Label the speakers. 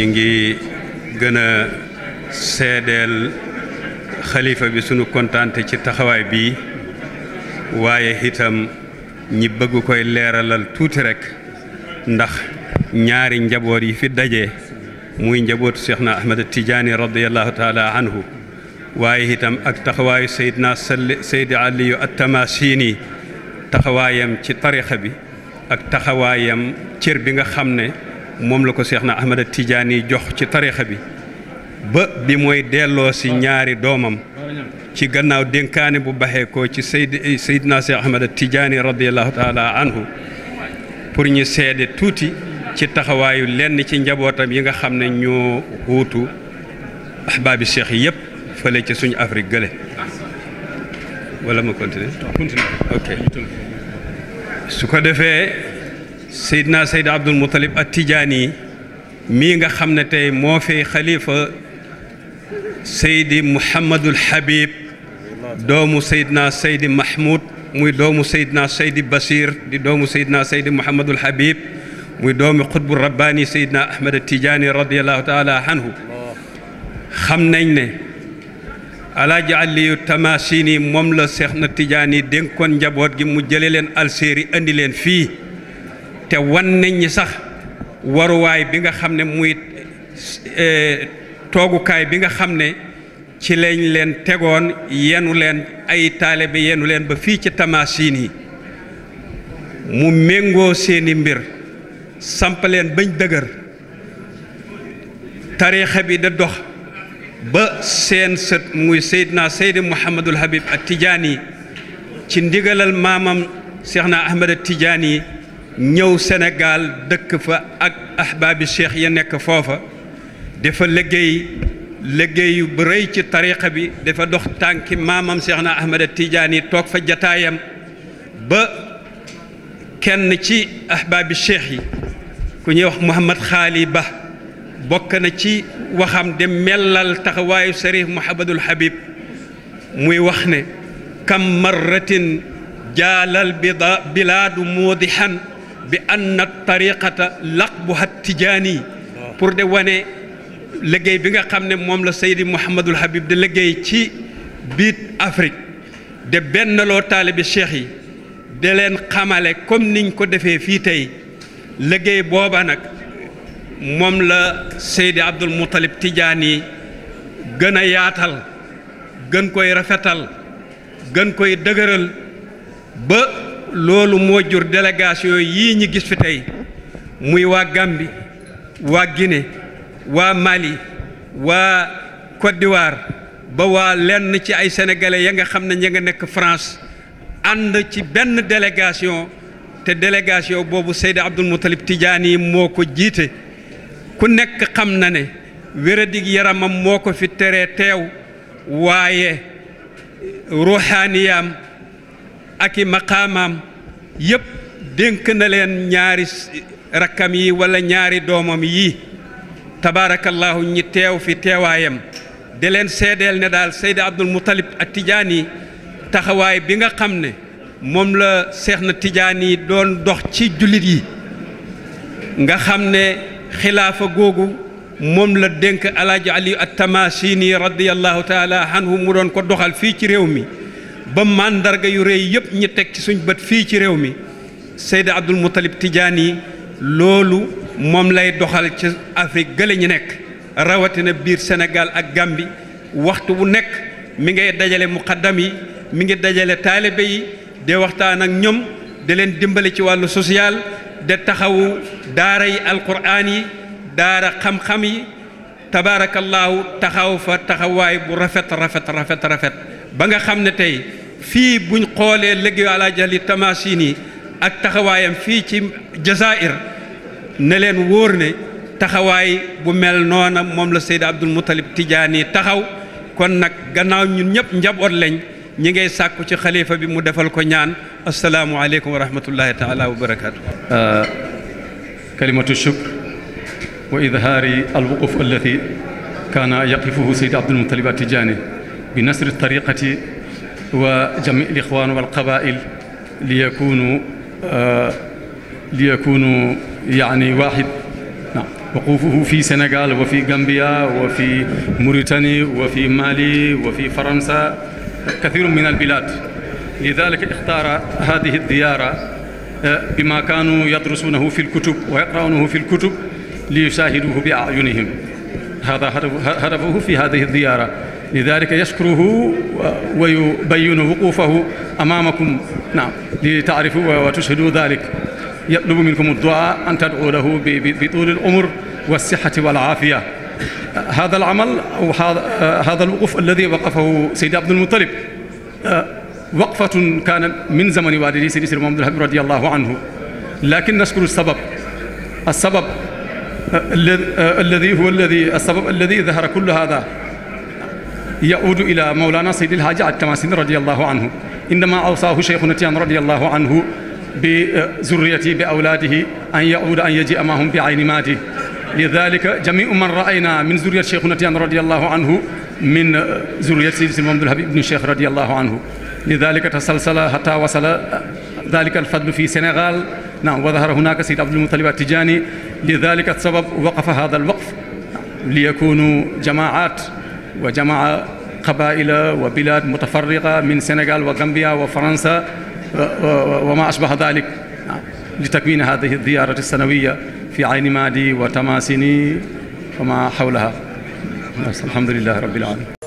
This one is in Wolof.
Speaker 1: ñingi gëna sédel khalifa bi sunu kontaante ci taxaway bi waye hitam ñi bëgg koy léralal tuuti rek ndax ñaari njaboot yi fi daje muy njabootu cheikhna Ahmed Tidiane radiyallahu taala anhu waye hitam ak taxaway sayyidna sayyid ali at-tamasini taxawayam ci tariikha bi ak taxawayam cër bi nga xamné moom la ko seex na Ahmada Tijaani jox ci tarixa bi ba bi mooy delloo si ñaari doomam ci gannaaw dénkaane bu baxee ko ci sayd saydna seex Ahmada Tijaani radiallahu taala anhu pour ñu seede tuuti ci taxawaayu lenn ci njabootam yi nga xam ne ñoo wuutu ahbaabi seex yëpp fële ci suñu Afrique gële wala ma su ko defee Seydina Seyd Abdul Muttalib at Tijaani mii nga xam ne tey moo fi xalifa Seydi Mouhamadul Habib doomu Seydina Seydi Mahmoud muy doomu Seydina Seydi Basir di doomu Seydina Seydi Mouhamadul Habib muy doomu xutbu rabbaani Seydina Ahmed at Tijaani radiyallahu taala anhu xam nañ ne alaaji Aliyu Tamasini moom la Seex na Tijaani dénkoon njaboot gi mu jële leen Algérie andi leen fii te wan nañ sax waruwaay bi nga xam ne muy e, toogukaay bi nga xam ne ci lañ leen tegoon yenu leen ay taalibe yenu leen ba fii ci tamasin yi mu méngoo seeni mbir samp leen bañ dëgër tariixa bi da dox ba seen sët muy Seydina Seydi Mouhamadul Habib at Tijaani ci ndigalal maamam Seexna Ahmad at Tijaani ñëw Sénégal dëkk fa ak ahbab cheikh ya nek fofa defa liggéey liggéey bu rëy ci tariqa bi defa dox tànki mamam cheikhna ahmed Ahmada Tidiane toog fa jataayam ba kenn ci ahbab cheikh yi ku ñuy wax mohammed Xaali Ba bokk na ci waxam de mellal taxawaayu Sëriif Mouhamadul Habib muy wax ne kam marratin jaalal bilaadu muudixan bi anna tariqata laqbuha tijaani pour de wane liggéey bi nga xam ne moom la Seydi Mouhamadul Habib di liggéey ci biit Afrique de benn loo taalibi cheikh yi de leen xamale comme niñ ko defee fii tey liggéey booba nag moom la Seydi Abdul Muttalib Tijaani gën a yaatal gën koy rafetal gën koy dëgëral ba loolu moo jur délégation yii ñi gis fi tey muy waa Gambie waa Guinée waa Mali waa Côte d'Ivoire ba waa lenn ci ay sénégalais ya nga xam ne ña nga nekk France ànd ci benn délégation te délégation boobu Seydi Abdul Muttalib Tijaani moo ko jiite ku nekk xam na ne wéradig yaramam moo ko fi tere teew waaye ruuxaaniyaam ak makamam yep yépp dénk na leen ñaari rakkam yi wala ñaari domam yi tabaarakallaahu ñi tew fi tewayam di leen ne dal Seydi Abdul Muttalib atijani taxaway bi nga xamne mom la seex tijani don dox ci julit yi nga xamne khilafa gogu mom la dénk alaaji ali at tamashini radiyallahu taala anhu mu ko doxal fi ci rewmi ba màndarga yu rëy yëpp ñi teg ci suñ bët fii ci réew mi Seydi Abdul Muttalib yi loolu moom lay doxal ci Afrique gële ñu nekk rawatina biir Sénégal ak Gàmbi waxtu bu nekk mi ngay dajale muqaddam yi mi ngi dajale taalibe yi de waxtaan ak ñoom de leen dimbali ci wàllu social de taxawu daara yi alquraan yi daara xam-xam yi tabaarakallaahu taxaw fa taxawaay bu rafet rafet rafet rafet ba nga xam ne tey fii buñ xoolee liggéeyu alaaji Ali Tamasin yi ak taxawaayam fii ci Jazaïr ne leen wóor ne taxawaay bu mel noona moom la Seydi Abdul Muttalib Tijaani taxaw kon nag gannaaw ñun ñëpp njaboot lañ ñi ngay sàkku ci xalifa bi mu defal ko
Speaker 2: ñaan asalaamualeykum wa rahmatullahi taala wa barakatu kalimatu shukr wa idhaari alwuquf allati kaana yaqifuhu Seydi Abdul Muttalib Tijaani bi nasri tariqati وجميع الإخوان والقبائل ليكونوا آه ليكونوا يعني واحد نعم وقوفه في سنغال وفي غامبيا وفي موريتاني وفي مالي وفي فرنسا كثير من البلاد لذلك اختار هذه الزيارة آه، بما كانوا يدرسونه في الكتب ويقرأونه في الكتب ليشاهدوه بأعينهم هذا هدفه في هذه الزيارة لذلك يشكره ويبين وقوفه أمامكم نعم لتعرفوا وتشهدوا ذلك يطلب منكم الدعاء أن تدعوا له بطول العمر والصحة والعافية هذا العمل أو هذا الوقوف الذي وقفه سيد عبد المطلب آه، وقفة كان من زمن والدي سيدي سيد محمد الحبيب رضي الله عنه لكن نشكر السبب السبب آه، آه، الذي هو الذي السبب الذي ظهر كل هذا يعود إلى مولانا سيد الحاج التماسين رضي الله عنه إنما أوصاه شيخ نتيان رضي الله عنه بزريته بأولاده أن يعود أن يجيء معهم بعين ماته لذلك جميع من رأينا من ذرية شيخ نتيان رضي الله عنه من ذرية سيد محمد الحبيب بن الشيخ رضي الله عنه لذلك تسلسل حتى وصل ذلك الفضل في سنغال نعم وظهر هناك سيد عبد المطلب التجاني لذلك السبب وقف هذا الوقف ليكونوا جماعات وجمع قبائل وبلاد متفرقة من سنغال وغامبيا وفرنسا وما أشبه ذلك آه، لتكوين هذه الزيارة السنوية في عين مادي وتماسيني وما حولها الحمد لله رب العالمين